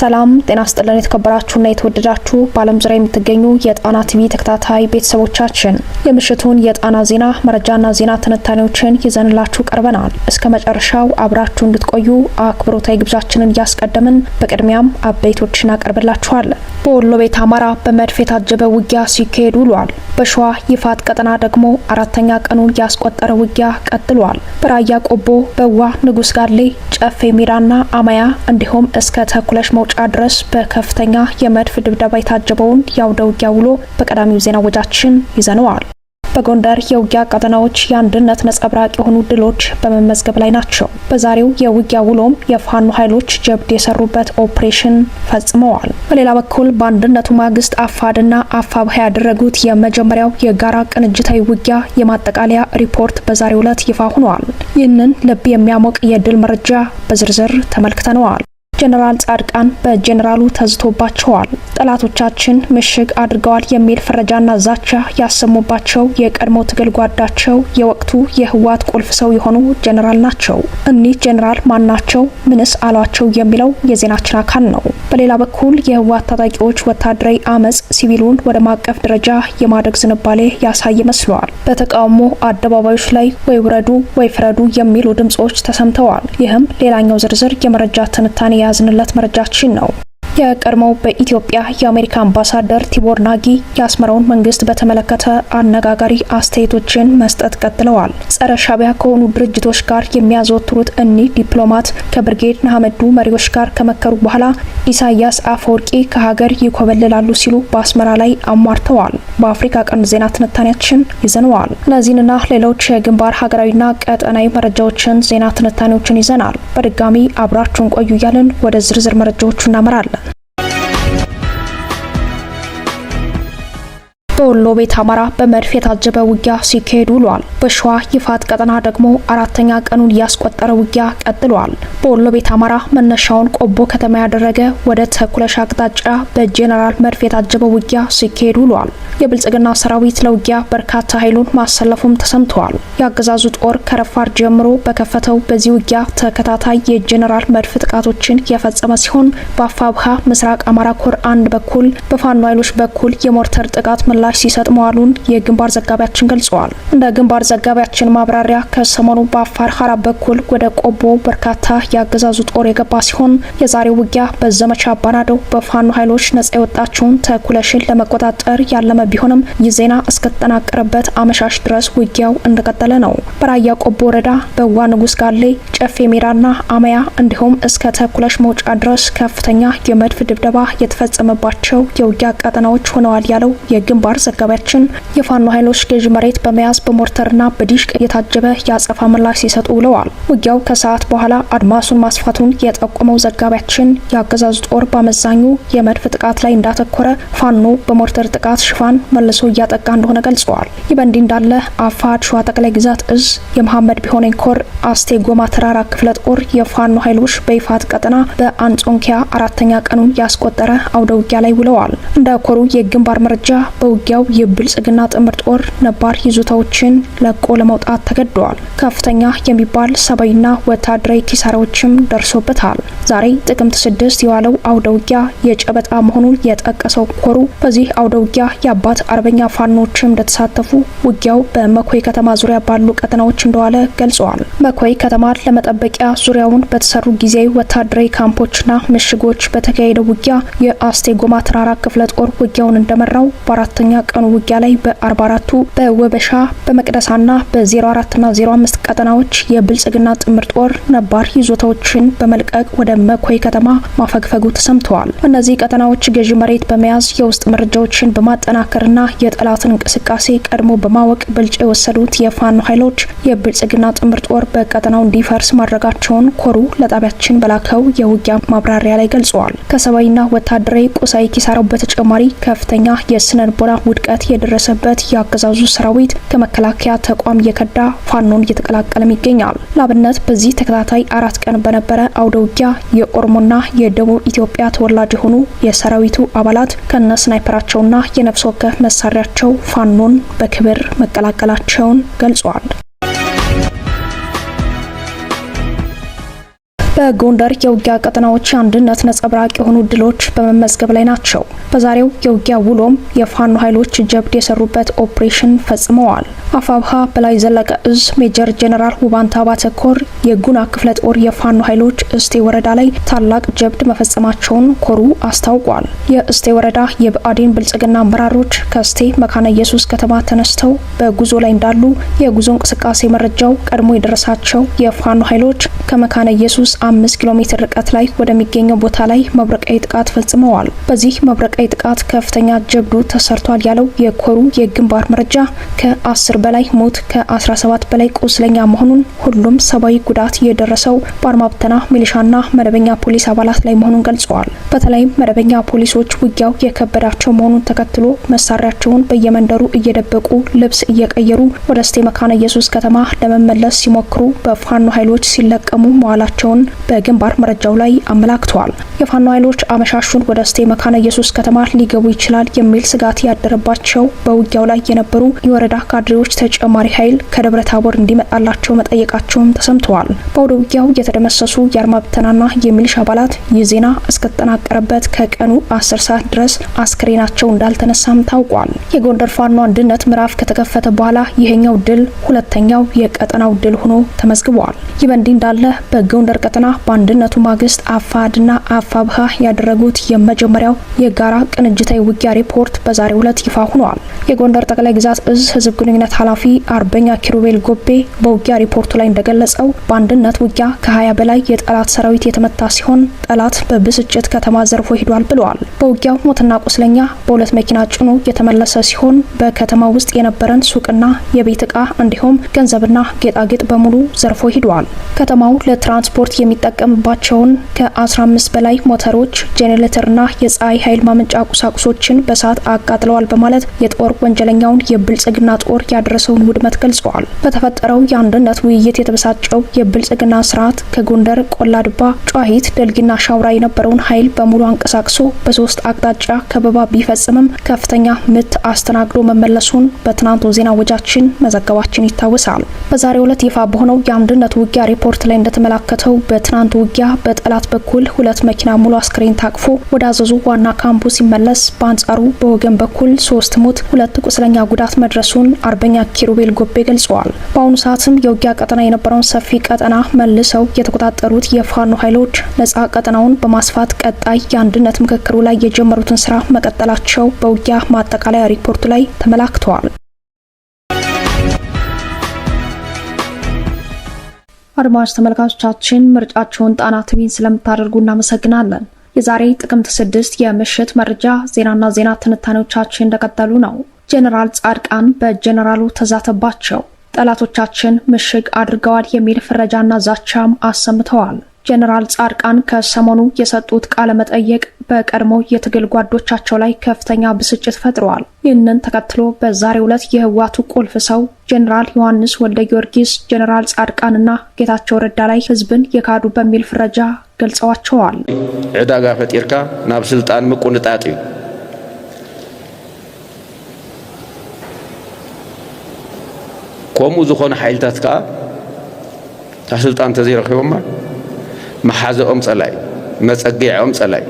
ሰላም ጤና ስጥልን። የተከበራችሁና የተወደዳችሁ በዓለም ዙሪያ የምትገኙ የጣና ቲቪ ተከታታይ ቤተሰቦቻችን የምሽቱን የጣና ዜና መረጃና ዜና ትንታኔዎችን ይዘንላችሁ ቀርበናል። እስከ መጨረሻው አብራችሁ እንድትቆዩ አክብሮታዊ ግብዣችንን እያስቀደምን በቅድሚያም አበይቶችን አቀርብላችኋለን። በወሎ ቤት አማራ በመድፍ የታጀበ ውጊያ ሲካሄድ ውሏል። በሸዋ ይፋት ቀጠና ደግሞ አራተኛ ቀኑን ያስቆጠረ ውጊያ ቀጥሏል። በራያ ቆቦ፣ በዋ ንጉስ ጋሌ፣ ጨፌ ሜዳና አማያ እንዲሁም እስከ ተኩለሽ መውጫ መውጫ ድረስ በከፍተኛ የመድፍ ድብደባ የታጀበውን የአውደ ውጊያ ውሎ በቀዳሚው ዜና ወጃችን ይዘነዋል። በጎንደር የውጊያ ቀጠናዎች የአንድነት ነጸብራቅ የሆኑ ድሎች በመመዝገብ ላይ ናቸው። በዛሬው የውጊያ ውሎም የፋኖ ኃይሎች ጀብድ የሰሩበት ኦፕሬሽን ፈጽመዋል። በሌላ በኩል በአንድነቱ ማግስት አፋድና አፋብሃ ያደረጉት የመጀመሪያው የጋራ ቅንጅታዊ ውጊያ የማጠቃለያ ሪፖርት በዛሬው ዕለት ይፋ ሆኗል። ይህንን ልብ የሚያሞቅ የድል መረጃ በዝርዝር ተመልክተነዋል። ጀነራል ጻድቃን በጀነራሉ ተዝቶባቸዋል። ጠላቶቻችን ምሽግ አድርገዋል የሚል ፍረጃና ዛቻ ያሰሙባቸው የቀድሞ ትግል ጓዳቸው የወቅቱ የህወሓት ቁልፍ ሰው የሆኑ ጀኔራል ናቸው። እኒህ ጀኔራል ማናቸው? ምንስ አሏቸው? የሚለው የዜናችን አካል ነው። በሌላ በኩል የህወሓት ታጣቂዎች ወታደራዊ አመፅ ሲቪሉን ወደ ማቀፍ ደረጃ የማድረግ ዝንባሌ ያሳይ መስለዋል። በተቃውሞ አደባባዮች ላይ ወይ ውረዱ ወይ ፍረዱ የሚሉ ድምጾች ተሰምተዋል። ይህም ሌላኛው ዝርዝር የመረጃ ትንታኔ የያዝንለት መረጃችን ነው። የቀድሞው በኢትዮጵያ የአሜሪካ አምባሳደር ቲቦር ናጊ የአስመራውን መንግስት በተመለከተ አነጋጋሪ አስተያየቶችን መስጠት ቀጥለዋል። ጸረ ሻቢያ ከሆኑ ድርጅቶች ጋር የሚያዘወትሩት እኒህ ዲፕሎማት ከብርጌድ ንሓመዱ መሪዎች ጋር ከመከሩ በኋላ ኢሳያስ አፈወርቂ ከሀገር ይኮበልላሉ ሲሉ በአስመራ ላይ አሟርተዋል። በአፍሪካ ቀንድ ዜና ትንታኔያችን ይዘነዋል። እነዚህንና ሌሎች የግንባር ሀገራዊና ቀጠናዊ መረጃዎችን ዜና ትንታኔዎችን ይዘናል። በድጋሚ አብራችሁን ቆዩ እያልን ወደ ዝርዝር መረጃዎቹ እናመራለን። በወሎ ቤት አማራ በመድፍ የታጀበ ውጊያ ሲካሄድ ውሏል። በሸዋ ይፋት ቀጠና ደግሞ አራተኛ ቀኑን ያስቆጠረ ውጊያ ቀጥሏል። በወሎ ቤት አማራ መነሻውን ቆቦ ከተማ ያደረገ ወደ ተኩለሽ አቅጣጫ በጄኔራል መድፍ የታጀበ ውጊያ ሲካሄድ ውሏል። የብልጽግና ሰራዊት ለውጊያ በርካታ ኃይሉን ማሰለፉም ተሰምተዋል። የአገዛዙ ጦር ከረፋር ጀምሮ በከፈተው በዚህ ውጊያ ተከታታይ የጄኔራል መድፍ ጥቃቶችን የፈጸመ ሲሆን በአፋብሃ ምስራቅ አማራ ኮር አንድ በኩል በፋኖ ኃይሎች በኩል የሞርተር ጥቃት መላ ምላሽ ሲሰጥ መዋሉን የግንባር ዘጋቢያችን ገልጸዋል። እንደ ግንባር ዘጋቢያችን ማብራሪያ ከሰሞኑ በአፋር ሀራ በኩል ወደ ቆቦ በርካታ የአገዛዙ ጦር የገባ ሲሆን የዛሬው ውጊያ በዘመቻ አባናደው በፋኖ ኃይሎች ነጻ የወጣችውን ተኩለሽን ለመቆጣጠር ያለመ ቢሆንም ይህ ዜና እስከተጠናቀረበት አመሻሽ ድረስ ውጊያው እንደቀጠለ ነው። በራያ ቆቦ ወረዳ በዋ ንጉስ ጋሌ፣ ጨፌ ሜዳና አመያ እንዲሁም እስከ ተኩለሽ መውጫ ድረስ ከፍተኛ የመድፍ ድብደባ የተፈጸመባቸው የውጊያ ቀጠናዎች ሆነዋል ያለው የግንባር ጋር ዘጋቢያችን የፋኖ ኃይሎች ገዥ መሬት በመያዝ በሞርተርና በዲሽቅ የታጀበ የአጸፋ ምላሽ ሲሰጡ ውለዋል። ውጊያው ከሰዓት በኋላ አድማሱን ማስፋቱን የጠቆመው ዘጋቢያችን የአገዛዙ ጦር በአመዛኙ የመድፍ ጥቃት ላይ እንዳተኮረ፣ ፋኖ በሞርተር ጥቃት ሽፋን መልሶ እያጠቃ እንደሆነ ገልጸዋል። ይህ በእንዲህ እንዳለ አፋድ ሸዋ ጠቅላይ ግዛት እዝ የመሐመድ ቢሆነኝ ኮር አስቴ ጎማ ተራራ ክፍለ ጦር የፋኖ ኃይሎች በይፋት ቀጠና በአንጾንኪያ አራተኛ ቀኑን ያስቆጠረ አውደ ውጊያ ላይ ውለዋል። እንደ ኮሩ የግንባር መረጃ በውጊ በውጊያው የብልጽግና ጥምር ጦር ነባር ይዞታዎችን ለቆ ለመውጣት ተገደዋል። ከፍተኛ የሚባል ሰብአዊና ወታደራዊ ኪሳራዎችም ደርሶበታል። ዛሬ ጥቅምት ስድስት የዋለው አውደ ውጊያ የጨበጣ መሆኑን የጠቀሰው ኮሩ በዚህ አውደ ውጊያ የአባት አርበኛ ፋኖችም እንደተሳተፉ ውጊያው በመኮይ ከተማ ዙሪያ ባሉ ቀጠናዎች እንደዋለ ገልጸዋል። መኮይ ከተማ ለመጠበቂያ ዙሪያውን በተሰሩ ጊዜያዊ ወታደራዊ ካምፖችና ምሽጎች በተካሄደው ውጊያ የአስቴ ጎማ ተራራ ክፍለ ጦር ውጊያውን እንደመራው በአራተኛ ቀኑ ውጊያ ላይ በ44ቱ በወበሻ በመቅደሳና በ04ና 05 ቀጠናዎች የብልጽግና ጥምር ጦር ነባር ይዞታዎችን በመልቀቅ ወደ መኮይ ከተማ ማፈግፈጉ ተሰምተዋል። እነዚህ ቀጠናዎች ገዢ መሬት በመያዝ የውስጥ መረጃዎችን በማጠናከርና የጠላትን እንቅስቃሴ ቀድሞ በማወቅ ብልጫ የወሰዱት የፋኖ ኃይሎች የብልጽግና ጥምር ጦር በቀጠናው እንዲፈርስ ማድረጋቸውን ኮሩ ለጣቢያችን በላከው የውጊያ ማብራሪያ ላይ ገልጸዋል። ከሰብአዊና ወታደራዊ ቁሳዊ ኪሳራው በተጨማሪ ከፍተኛ የስነ ልቦና ውድቀት የደረሰበት የአገዛዙ ሰራዊት ከመከላከያ ተቋም የከዳ ፋኖን እየተቀላቀለም ይገኛል። ላብነት በዚህ ተከታታይ አራት ቀን በነበረ አውደ ውጊያ የኦሮሞና የደቡብ ኢትዮጵያ ተወላጅ የሆኑ የሰራዊቱ አባላት ከነ ስናይፐራቸውና የነፍስ ወከፍ መሳሪያቸው ፋኖን በክብር መቀላቀላቸውን ገልጿል። በጎንደር የውጊያ ቀጠናዎች አንድነት ነጸብራቅ የሆኑ ድሎች በመመዝገብ ላይ ናቸው። በዛሬው የውጊያ ውሎም የፋኖ ኃይሎች ጀብድ የሰሩበት ኦፕሬሽን ፈጽመዋል። አፋብሃ በላይ ዘለቀ እዝ ሜጀር ጀኔራል ውባንታ ባተኮር የጉና ክፍለ ጦር የፋኖ ኃይሎች እስቴ ወረዳ ላይ ታላቅ ጀብድ መፈጸማቸውን ኮሩ አስታውቋል። የእስቴ ወረዳ የብአዴን ብልጽግና አመራሮች ከእስቴ መካነ ኢየሱስ ከተማ ተነስተው በጉዞ ላይ እንዳሉ የጉዞ እንቅስቃሴ መረጃው ቀድሞ የደረሳቸው የፋኖ ኃይሎች ከመካነ ኢየሱስ አምስት ኪሎ ሜትር ርቀት ላይ ወደሚገኘው ቦታ ላይ መብረቃዊ ጥቃት ፈጽመዋል። በዚህ መብረቃዊ ጥቃት ከፍተኛ ጀብዱ ተሰርቷል ያለው የኮሩ የግንባር መረጃ ከ10 በላይ ሞት ከ17 በላይ ቁስለኛ መሆኑን ሁሉም ሰብአዊ ጉዳት የደረሰው በአርማብተና ሚሊሻና መደበኛ ፖሊስ አባላት ላይ መሆኑን ገልጸዋል። በተለይም መደበኛ ፖሊሶች ውጊያው የከበዳቸው መሆኑን ተከትሎ መሳሪያቸውን በየመንደሩ እየደበቁ ልብስ እየቀየሩ ወደ ስቴ መካነ ኢየሱስ ከተማ ለመመለስ ሲሞክሩ በፋኖ ኃይሎች ሲለቀሙ መዋላቸውን በግንባር መረጃው ላይ አመላክተዋል። የፋኖ ኃይሎች አመሻሹን ወደ እስቴ መካነ ኢየሱስ ከተማ ሊገቡ ይችላል የሚል ስጋት ያደረባቸው በውጊያው ላይ የነበሩ የወረዳ ካድሬዎች ተጨማሪ ኃይል ከደብረ ታቦር እንዲመጣላቸው መጠየቃቸውም ተሰምተዋል። በአውደ ውጊያው የተደመሰሱ የአድማ ብተናና የሚሊሻ አባላት ይህ ዜና እስከተጠናቀረበት ከቀኑ አስር ሰዓት ድረስ አስክሬናቸው እንዳልተነሳም ታውቋል። የጎንደር ፋኖ አንድነት ምዕራፍ ከተከፈተ በኋላ ይሄኛው ድል ሁለተኛው የቀጠናው ድል ሆኖ ተመዝግቧል። ይህ በእንዲህ እንዳለ በጎንደር ቀጠና በአንድነቱ ማግስት አፋድና አፋብሃ ያደረጉት የመጀመሪያው የጋራ ቅንጅታዊ ውጊያ ሪፖርት በዛሬው ዕለት ይፋ ሆኗል። የጎንደር ጠቅላይ ግዛት እዝ ህዝብ ግንኙነት ኃላፊ አርበኛ ኪሩቤል ጎቤ በውጊያ ሪፖርቱ ላይ እንደገለጸው በአንድነት ውጊያ ከ20 በላይ የጠላት ሰራዊት የተመታ ሲሆን ጠላት በብስጭት ከተማ ዘርፎ ሂዷል ብለዋል። በውጊያው ሞትና ቁስለኛ በሁለት መኪና ጭኖ የተመለሰ ሲሆን በከተማ ውስጥ የነበረን ሱቅና የቤት ዕቃ እንዲሁም ገንዘብና ጌጣጌጥ በሙሉ ዘርፎ ሂዷል። ከተማው ለትራንስፖርት የሚጠቀምባቸውን ከ15 በላይ ሞተሮች፣ ጄኔሬተርና የፀሐይ ኃይል ማመንጫ ቁሳቁሶችን በእሳት አቃጥለዋል በማለት የጦር ወንጀለኛውን የብልጽግና ጦር ያደረሰውን ውድመት ገልጸዋል። በተፈጠረው የአንድነት ውይይት የተበሳጨው የብልጽግና ስርዓት ከጎንደር ቆላድባ፣ ጨዋሂት፣ ደልጊና ሻውራ የነበረውን ኃይል በሙሉ አንቀሳቅሶ በሶስት አቅጣጫ ከበባ ቢፈጽምም ከፍተኛ ምት አስተናግዶ መመለሱን በትናንቱ ዜና ወጃችን መዘገባችን ይታወሳል። በዛሬው ዕለት ይፋ በሆነው የአንድነት ውጊያ ሪፖርት ላይ እንደተመላከተው በ በትናንት ውጊያ በጠላት በኩል ሁለት መኪና ሙሉ አስክሬን ታቅፎ ወደ አዘዙ ዋና ካምፑ ሲመለስ፣ በአንጻሩ በወገን በኩል ሶስት ሞት ሁለት ቁስለኛ ጉዳት መድረሱን አርበኛ ኪሩቤል ጎቤ ገልጸዋል። በአሁኑ ሰዓትም የውጊያ ቀጠና የነበረውን ሰፊ ቀጠና መልሰው የተቆጣጠሩት የፋኖ ኃይሎች ነጻ ቀጠናውን በማስፋት ቀጣይ የአንድነት ምክክሩ ላይ የጀመሩትን ስራ መቀጠላቸው በውጊያ ማጠቃለያ ሪፖርቱ ላይ ተመላክተዋል። አድማጭ ተመልካቾቻችን ምርጫቸውን ጣና ቲቪን ስለምታደርጉ እናመሰግናለን። የዛሬ ጥቅምት ስድስት የምሽት መረጃ ዜናና ዜና ትንታኔዎቻችን እንደቀጠሉ ነው። ጄኔራል ጻድቃን በጄኔራሉ ተዛተባቸው። ጠላቶቻችን ምሽግ አድርገዋል የሚል ፍረጃና ዛቻም አሰምተዋል። ጀነራል ጻድቃን ከሰሞኑ የሰጡት ቃለ መጠየቅ በቀድሞ የትግል ጓዶቻቸው ላይ ከፍተኛ ብስጭት ፈጥረዋል። ይህንን ተከትሎ በዛሬው ዕለት የህወሓቱ ቁልፍ ሰው ጀኔራል ዮሐንስ ወልደ ጊዮርጊስ ጀኔራል ጻድቃንና ጌታቸው ረዳ ላይ ህዝብን የካዱ በሚል ፍረጃ ገልጸዋቸዋል። ዕዳጋ ፈጢርካ ናብ ስልጣን ምቁንጣጥ እዩ ከምኡ ዝኾነ ሓይልታት ከዓ ካብ ስልጣን ተዘይረኪቦማ መሓዘኦም ጸላይ መጸጊዐኦም ጸላይ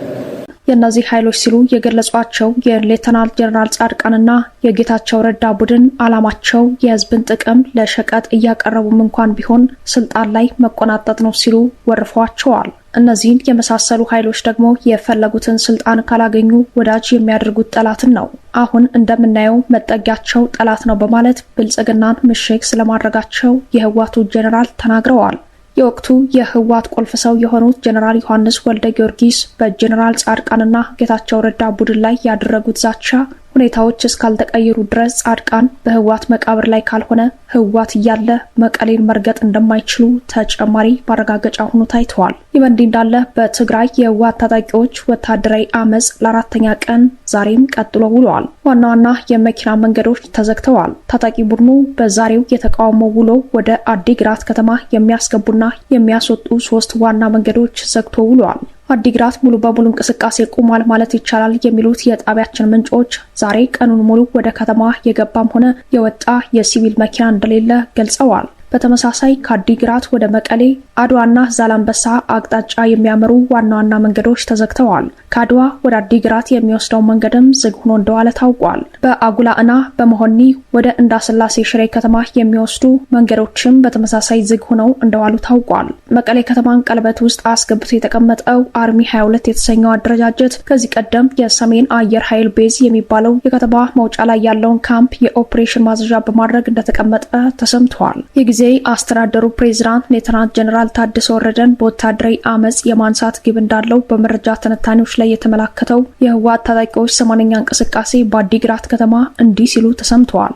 የእነዚህ ኃይሎች ሲሉ የገለጿቸው የሌተናል ጀነራል ጻድቃንና የጌታቸው ረዳ ቡድን ዓላማቸው የህዝብን ጥቅም ለሸቀጥ እያቀረቡም እንኳን ቢሆን ስልጣን ላይ መቆናጠጥ ነው ሲሉ ወርፏቸዋል። እነዚህን የመሳሰሉ ኃይሎች ደግሞ የፈለጉትን ስልጣን ካላገኙ ወዳጅ የሚያደርጉት ጠላትን ነው። አሁን እንደምናየው መጠጊያቸው ጠላት ነው በማለት ብልጽግናን ምሽግ ስለማድረጋቸው የህዋቱ ጀኔራል ተናግረዋል። የወቅቱ የህወሓት ቁልፍ ሰው የሆኑት ጀኔራል ዮሐንስ ወልደ ጊዮርጊስ በጀኔራል ጻድቃንና ጌታቸው ረዳ ቡድን ላይ ያደረጉት ዛቻ ሁኔታዎች እስካልተቀየሩ ድረስ ጻድቃን በህዋት መቃብር ላይ ካልሆነ ህዋት እያለ መቀሌን መርገጥ እንደማይችሉ ተጨማሪ ማረጋገጫ ሆኖ ታይተዋል። ይህ በእንዲህ እንዳለ በትግራይ የህዋት ታጣቂዎች ወታደራዊ አመፅ ለአራተኛ ቀን ዛሬም ቀጥሎ ውለዋል። ዋና ዋና የመኪና መንገዶች ተዘግተዋል። ታጣቂ ቡድኑ በዛሬው የተቃውሞ ውሎ ወደ አዲግራት ከተማ የሚያስገቡና የሚያስወጡ ሶስት ዋና መንገዶች ዘግቶ ውለዋል። አዲግራት ሙሉ በሙሉ እንቅስቃሴ ቁሟል ማለት ይቻላል የሚሉት የጣቢያችን ምንጮች ዛሬ ቀኑን ሙሉ ወደ ከተማ የገባም ሆነ የወጣ የሲቪል መኪና እንደሌለ ገልጸዋል። በተመሳሳይ ከአዲግራት ወደ መቀሌ፣ አድዋና ዛላንበሳ አቅጣጫ የሚያመሩ ዋና ዋና መንገዶች ተዘግተዋል። ከአድዋ ወደ አዲግራት የሚወስደው መንገድም ዝግ ሆኖ እንደዋለ ታውቋል። በአጉላእና እና በመሆኒ ወደ እንዳስላሴ ሽሬ ከተማ የሚወስዱ መንገዶችም በተመሳሳይ ዝግ ሆነው እንደዋሉ ታውቋል። መቀሌ ከተማን ቀለበት ውስጥ አስገብቶ የተቀመጠው አርሚ 22 የተሰኘው አደረጃጀት ከዚህ ቀደም የሰሜን አየር ኃይል ቤዝ የሚባለው የከተማ መውጫ ላይ ያለውን ካምፕ የኦፕሬሽን ማዘዣ በማድረግ እንደተቀመጠ ተሰምተዋል። ጊዜ አስተዳደሩ ፕሬዚዳንት ሌተናንት ጀኔራል ታደሰ ወረደን በወታደራዊ አመፅ የማንሳት ግብ እንዳለው በመረጃ ትንታኔዎች ላይ የተመላከተው የህወሓት ታጣቂዎች ሰማንኛ እንቅስቃሴ በአዲግራት ከተማ እንዲህ ሲሉ ተሰምተዋል።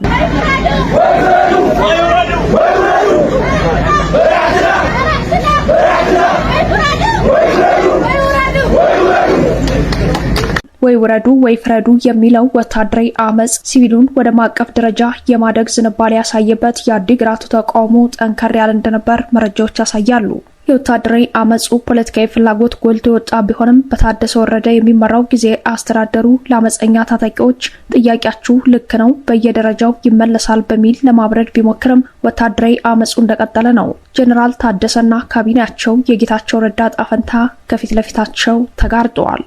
ወይ ውረዱ ወይ ፍረዱ የሚለው ወታደራዊ አመፅ ሲቪሉን ወደ ማዕቀፍ ደረጃ የማደግ ዝንባሌ ያሳየበት የአዲግራቱ ተቃውሞ ጠንከር ያለ እንደነበር መረጃዎች ያሳያሉ። የወታደራዊ አመፁ ፖለቲካዊ ፍላጎት ጎልቶ የወጣ ቢሆንም በታደሰ ወረደ የሚመራው ጊዜ አስተዳደሩ ለአመፀኛ ታጣቂዎች ጥያቄያችሁ ልክ ነው፣ በየደረጃው ይመለሳል በሚል ለማብረድ ቢሞክርም ወታደራዊ አመፁ እንደቀጠለ ነው። ጀኔራል ታደሰና ካቢኔያቸው የጌታቸው ረዳ ጣፈንታ ከፊት ለፊታቸው ተጋርጠዋል።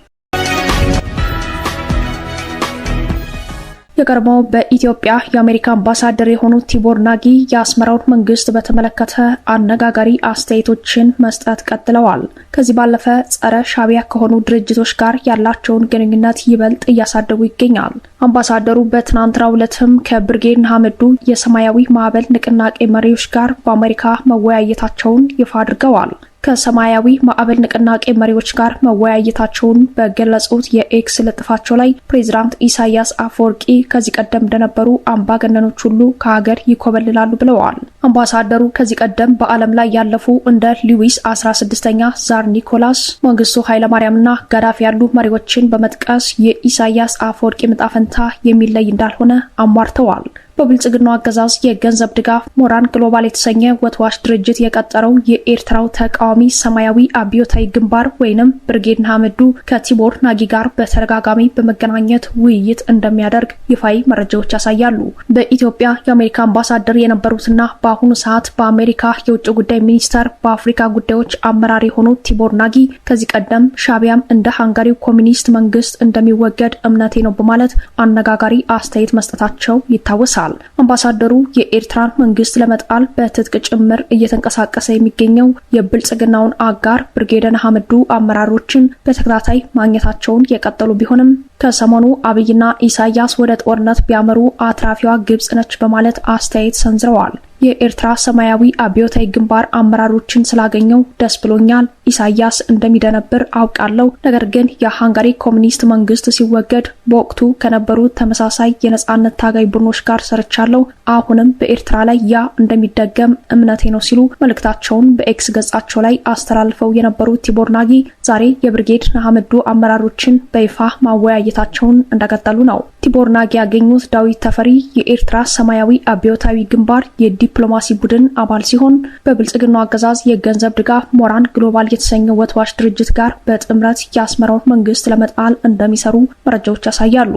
የቀድሞው በኢትዮጵያ የአሜሪካ አምባሳደር የሆኑት ቲቦር ናጊ የአስመራውን መንግስት በተመለከተ አነጋጋሪ አስተያየቶችን መስጠት ቀጥለዋል። ከዚህ ባለፈ ጸረ ሻቢያ ከሆኑ ድርጅቶች ጋር ያላቸውን ግንኙነት ይበልጥ እያሳደጉ ይገኛል። አምባሳደሩ በትናንትናው ዕለትም ከብርጌድ ንሓመዱ የሰማያዊ ማዕበል ንቅናቄ መሪዎች ጋር በአሜሪካ መወያየታቸውን ይፋ አድርገዋል። ከሰማያዊ ማዕበል ንቅናቄ መሪዎች ጋር መወያየታቸውን በገለጹት የኤክስ ልጥፋቸው ላይ ፕሬዚዳንት ኢሳያስ አፈወርቂ ከዚህ ቀደም እንደነበሩ አምባገነኖች ሁሉ ከሀገር ይኮበልላሉ ብለዋል። አምባሳደሩ ከዚህ ቀደም በዓለም ላይ ያለፉ እንደ ሉዊስ 16ኛ፣ ዛር ኒኮላስ፣ መንግስቱ ኃይለማርያምና ጋዳፊ ያሉ መሪዎችን በመጥቀስ የኢሳያስ አፈወርቂ ምጣፈንታ የሚለይ እንዳልሆነ አሟርተዋል። በብልጽግናው አገዛዝ የገንዘብ ድጋፍ ሞራን ግሎባል የተሰኘ ወትዋሽ ድርጅት የቀጠረው የኤርትራው ተቃዋሚ ሰማያዊ አብዮታዊ ግንባር ወይንም ብርጌድ ንሓመዱ ከቲቦር ናጊ ጋር በተደጋጋሚ በመገናኘት ውይይት እንደሚያደርግ ይፋይ መረጃዎች ያሳያሉ። በኢትዮጵያ የአሜሪካ አምባሳደር የነበሩትና በአሁኑ ሰዓት በአሜሪካ የውጭ ጉዳይ ሚኒስቴር በአፍሪካ ጉዳዮች አመራር የሆኑት ቲቦር ናጊ ከዚህ ቀደም ሻቢያም እንደ ሃንጋሪው ኮሚኒስት መንግስት እንደሚወገድ እምነቴ ነው በማለት አነጋጋሪ አስተያየት መስጠታቸው ይታወሳል። ይገልጻል። አምባሳደሩ የኤርትራን መንግስት ለመጣል በትጥቅ ጭምር እየተንቀሳቀሰ የሚገኘው የብልጽግናውን አጋር ብርጌደን ሐምዱ አመራሮችን በተከታታይ ማግኘታቸውን የቀጠሉ ቢሆንም ከሰሞኑ አብይና ኢሳያስ ወደ ጦርነት ቢያመሩ አትራፊዋ ግብጽ ነች በማለት አስተያየት ሰንዝረዋል። የኤርትራ ሰማያዊ አብዮታዊ ግንባር አመራሮችን ስላገኘው ደስ ብሎኛል። ኢሳያስ እንደሚደነብር አውቃለሁ። ነገር ግን የሃንጋሪ ኮሚኒስት መንግስት ሲወገድ በወቅቱ ከነበሩ ተመሳሳይ የነጻነት ታጋይ ቡድኖች ጋር ሰርቻለሁ። አሁንም በኤርትራ ላይ ያ እንደሚደገም እምነቴ ነው ሲሉ መልእክታቸውን በኤክስ ገጻቸው ላይ አስተላልፈው የነበሩ ቲቦር ናጊ ዛሬ የብርጌድ ንሓመዱ አመራሮችን በይፋ ማወያ ማሳየታቸውን እንደቀጠሉ ነው። ቲቦር ያገኙት ዳዊት ተፈሪ የኤርትራ ሰማያዊ አብዮታዊ ግንባር የዲፕሎማሲ ቡድን አባል ሲሆን በብልጽግናው አገዛዝ የገንዘብ ድጋፍ ሞራን ግሎባል የተሰኘው ወትዋሽ ድርጅት ጋር በጥምረት የአስመራውን መንግስት ለመጣል እንደሚሰሩ መረጃዎች ያሳያሉ።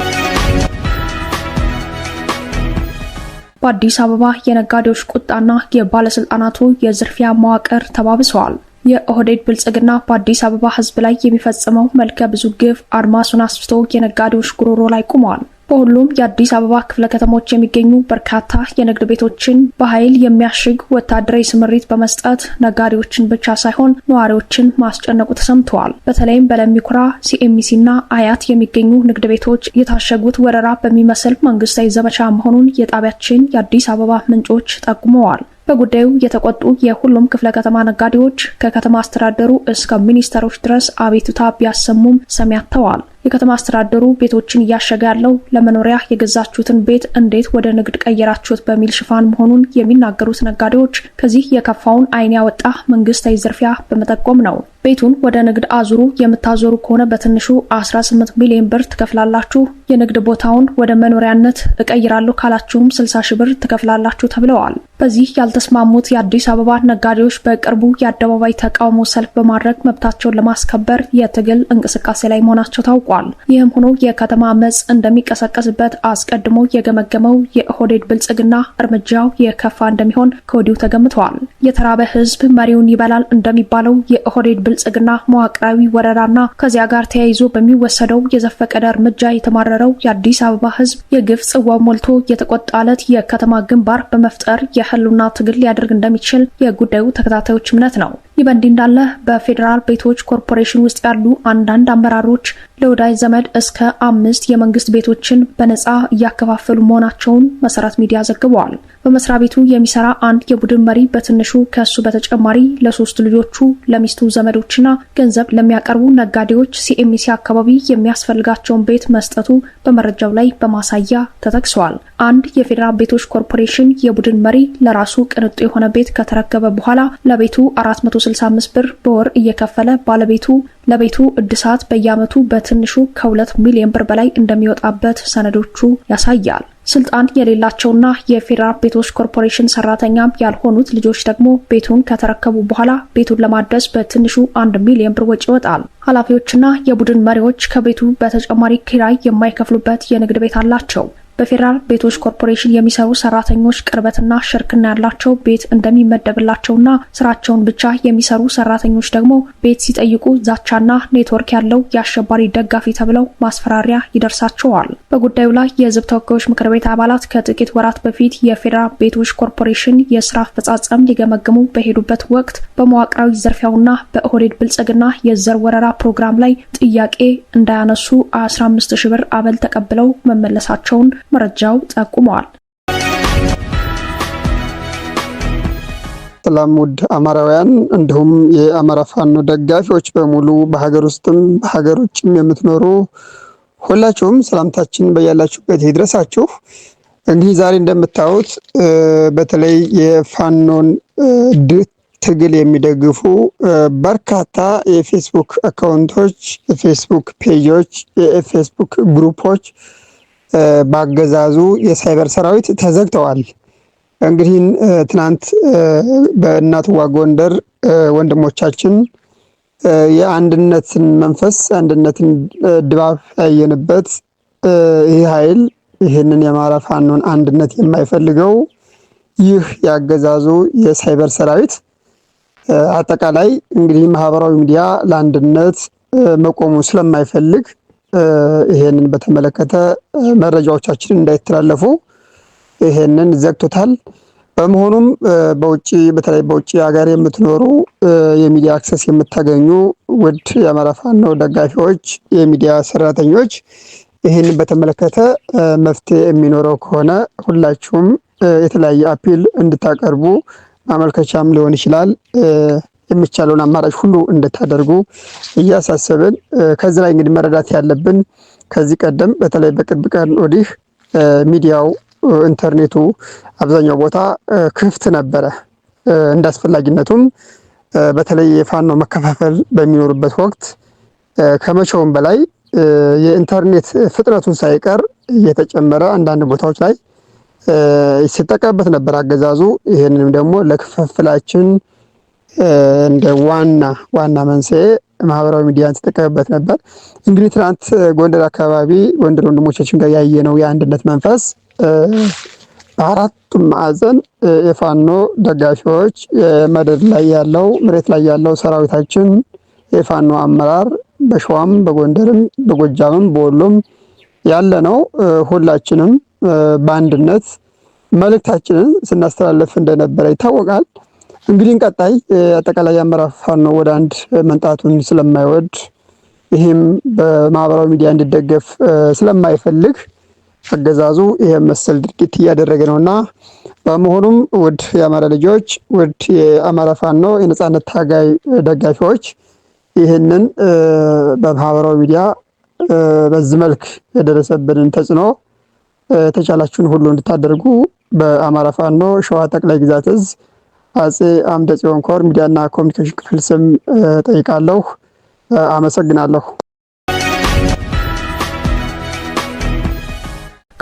በአዲስ አበባ የነጋዴዎች ቁጣና የባለስልጣናቱ የዝርፊያ መዋቅር ተባብሰዋል። የኦህዴድ ብልጽግና በአዲስ አበባ ህዝብ ላይ የሚፈጽመው መልከ ብዙ ግፍ አድማሱን አስፍቶ የነጋዴዎች ጉሮሮ ላይ ቆመዋል። በሁሉም የአዲስ አበባ ክፍለ ከተሞች የሚገኙ በርካታ የንግድ ቤቶችን በኃይል የሚያሽግ ወታደራዊ ስምሪት በመስጠት ነጋዴዎችን ብቻ ሳይሆን ነዋሪዎችን ማስጨነቁ ተሰምተዋል። በተለይም በለሚኩራ ሲኤምሲና አያት የሚገኙ ንግድ ቤቶች የታሸጉት ወረራ በሚመስል መንግስታዊ ዘመቻ መሆኑን የጣቢያችን የአዲስ አበባ ምንጮች ጠቁመዋል። በጉዳዩ የተቆጡ የሁሉም ክፍለ ከተማ ነጋዴዎች ከከተማ አስተዳደሩ እስከ ሚኒስተሮች ድረስ አቤቱታ ቢያሰሙም ሰሚያተዋል። የከተማ አስተዳደሩ ቤቶችን እያሸገ ያለው ለመኖሪያ የገዛችሁትን ቤት እንዴት ወደ ንግድ ቀየራችሁት በሚል ሽፋን መሆኑን የሚናገሩት ነጋዴዎች ከዚህ የከፋውን ዓይን ያወጣ መንግስታዊ ዝርፊያ በመጠቆም ነው። ቤቱን ወደ ንግድ አዙሩ፣ የምታዞሩ ከሆነ በትንሹ 18 ሚሊዮን ብር ትከፍላላችሁ፣ የንግድ ቦታውን ወደ መኖሪያነት እቀይራለሁ ካላችሁም 60 ሺ ብር ትከፍላላችሁ ተብለዋል። በዚህ ያልተስማሙት የአዲስ አበባ ነጋዴዎች በቅርቡ የአደባባይ ተቃውሞ ሰልፍ በማድረግ መብታቸውን ለማስከበር የትግል እንቅስቃሴ ላይ መሆናቸው ታውቋል። አስታውቀዋል። ይህም ሆኖ የከተማ አመፅ እንደሚቀሰቀስበት አስቀድሞ የገመገመው የኦህዴድ ብልጽግና እርምጃው የከፋ እንደሚሆን ከወዲሁ ተገምተዋል። የተራበ ህዝብ መሪውን ይበላል እንደሚባለው የኦህዴድ ብልጽግና መዋቅራዊ ወረራና ከዚያ ጋር ተያይዞ በሚወሰደው የዘፈቀደ እርምጃ የተማረረው የአዲስ አበባ ህዝብ የግፍ ጽዋው ሞልቶ የተቆጣ የከተማ ግንባር በመፍጠር የህልውና ትግል ሊያደርግ እንደሚችል የጉዳዩ ተከታታዮች እምነት ነው። ይህ በእንዲህ እንዳለ በፌዴራል ቤቶች ኮርፖሬሽን ውስጥ ያሉ አንዳንድ አመራሮች ለ ወዳጅ ዘመድ እስከ አምስት የመንግስት ቤቶችን በነፃ እያከፋፈሉ መሆናቸውን መሰረት ሚዲያ ዘግበዋል። በመስሪያ ቤቱ የሚሰራ አንድ የቡድን መሪ በትንሹ ከእሱ በተጨማሪ ለሶስት ልጆቹ፣ ለሚስቱ ዘመዶችና ገንዘብ ለሚያቀርቡ ነጋዴዎች ሲኤምሲ አካባቢ የሚያስፈልጋቸውን ቤት መስጠቱ በመረጃው ላይ በማሳያ ተጠቅሰዋል። አንድ የፌዴራል ቤቶች ኮርፖሬሽን የቡድን መሪ ለራሱ ቅንጡ የሆነ ቤት ከተረከበ በኋላ ለቤቱ 465 ብር በወር እየከፈለ ባለቤቱ ለቤቱ እድሳት በየዓመቱ በትንሹ ከሁለት ሚሊዮን ብር በላይ እንደሚወጣበት ሰነዶቹ ያሳያል። ስልጣን የሌላቸውና የፌዴራል ቤቶች ኮርፖሬሽን ሰራተኛም ያልሆኑት ልጆች ደግሞ ቤቱን ከተረከቡ በኋላ ቤቱን ለማደስ በትንሹ አንድ ሚሊዮን ብር ወጪ ይወጣል። ኃላፊዎችና የቡድን መሪዎች ከቤቱ በተጨማሪ ኪራይ የማይከፍሉበት የንግድ ቤት አላቸው። በፌዴራል ቤቶች ኮርፖሬሽን የሚሰሩ ሰራተኞች ቅርበትና ሽርክና ያላቸው ቤት እንደሚመደብላቸውና ስራቸውን ብቻ የሚሰሩ ሰራተኞች ደግሞ ቤት ሲጠይቁ ዛቻና ኔትወርክ ያለው የአሸባሪ ደጋፊ ተብለው ማስፈራሪያ ይደርሳቸዋል። በጉዳዩ ላይ የህዝብ ተወካዮች ምክር ቤት አባላት ከጥቂት ወራት በፊት የፌዴራል ቤቶች ኮርፖሬሽን የስራ አፈጻጸም ሊገመግሙ በሄዱበት ወቅት በመዋቅራዊ ዘርፊያውና በኦህዴድ ብልጽግና የዘር ወረራ ፕሮግራም ላይ ጥያቄ እንዳያነሱ 15 ብር አበል ተቀብለው መመለሳቸውን መረጃው ጠቁመዋል። ሰላም ውድ አማራውያን እንዲሁም የአማራ ፋኖ ደጋፊዎች በሙሉ በሀገር ውስጥም በሀገር ውጭም የምትኖሩ ሁላችሁም ሰላምታችን በያላችሁበት ይድረሳችሁ። እንግዲህ ዛሬ እንደምታዩት በተለይ የፋኖን ትግል የሚደግፉ በርካታ የፌስቡክ አካውንቶች፣ የፌስቡክ ፔጆች፣ የፌስቡክ ግሩፖች በአገዛዙ የሳይበር ሰራዊት ተዘግተዋል። እንግዲህ ትናንት በእናትዋ ጎንደር ወንድሞቻችን የአንድነትን መንፈስ አንድነትን ድባብ ያየንበት ይህ ኃይል ይህንን የአማራ ፋኖን አንድነት የማይፈልገው ይህ ያገዛዙ የሳይበር ሰራዊት አጠቃላይ እንግዲህ ማህበራዊ ሚዲያ ለአንድነት መቆሙ ስለማይፈልግ ይሄንን በተመለከተ መረጃዎቻችን እንዳይተላለፉ ይሄንን ዘግቶታል። በመሆኑም በውጭ በተለይ በውጭ ሀገር የምትኖሩ የሚዲያ አክሰስ የምታገኙ ውድ የአማራ ፋኖ ደጋፊዎች፣ የሚዲያ ሰራተኞች ይህን በተመለከተ መፍትሄ የሚኖረው ከሆነ ሁላችሁም የተለያየ አፒል እንድታቀርቡ ማመልከቻም ሊሆን ይችላል የሚቻለውን አማራጭ ሁሉ እንድታደርጉ እያሳሰብን ከዚህ ላይ እንግዲህ መረዳት ያለብን ከዚህ ቀደም በተለይ በቅርብ ቀን ወዲህ ሚዲያው ኢንተርኔቱ አብዛኛው ቦታ ክፍት ነበረ። እንደ አስፈላጊነቱም በተለይ የፋኖ መከፋፈል በሚኖርበት ወቅት ከመቼውም በላይ የኢንተርኔት ፍጥነቱን ሳይቀር እየተጨመረ አንዳንድ ቦታዎች ላይ ሲጠቀምበት ነበር አገዛዙ። ይህንንም ደግሞ ለክፍፍላችን እንደ ዋና ዋና መንስኤ ማህበራዊ ሚዲያን ሲጠቀምበት ነበር። እንግዲህ ትናንት ጎንደር አካባቢ ጎንደር ወንድሞቻችን ጋር ያየነው የአንድነት መንፈስ አራቱ ማዕዘን የፋኖ ደጋፊዎች፣ የመደድ ላይ ያለው መሬት ላይ ያለው ሰራዊታችን፣ የፋኖ አመራር በሸዋም በጎንደርም በጎጃምም በወሎም ያለ ነው። ሁላችንም በአንድነት መልእክታችንን ስናስተላለፍ እንደነበረ ይታወቃል። እንግዲህ ቀጣይ አጠቃላይ የአመራር ፋኖ ወደ አንድ መንጣቱን ስለማይወድ ይህም በማህበራዊ ሚዲያ እንዲደገፍ ስለማይፈልግ አገዛዙ ይህ መሰል ድርጊት እያደረገ ነውና በመሆኑም ውድ የአማራ ልጆች፣ ውድ የአማራ ፋኖ የነጻነት ታጋይ ደጋፊዎች ይህንን በማህበራዊ ሚዲያ በዚህ መልክ የደረሰብንን ተጽዕኖ የተቻላችሁን ሁሉ እንድታደርጉ በአማራ ፋኖ ሸዋ ጠቅላይ ግዛት እዝ አጼ አምደ ጽዮን ኮር ሚዲያና ኮሚኒኬሽን ክፍል ስም ጠይቃለሁ። አመሰግናለሁ።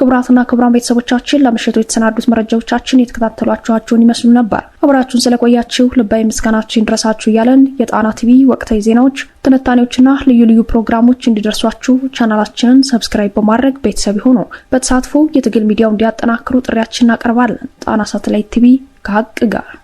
ክቡራትና ክቡራን ቤተሰቦቻችን ለምሽቱ የተሰናዱት መረጃዎቻችን የተከታተሏችኋቸውን ይመስሉ ነበር። አብራችሁን ስለቆያችሁ ልባዊ ምስጋናችን ድረሳችሁ እያለን የጣና ቲቪ ወቅታዊ ዜናዎች፣ ትንታኔዎችና ልዩ ልዩ ፕሮግራሞች እንዲደርሷችሁ ቻናላችንን ሰብስክራይብ በማድረግ ቤተሰብ ሆኑ። በተሳትፎ የትግል ሚዲያው እንዲያጠናክሩ ጥሪያችን እናቀርባለን። ጣና ሳተላይት ቲቪ ከሀቅ ጋር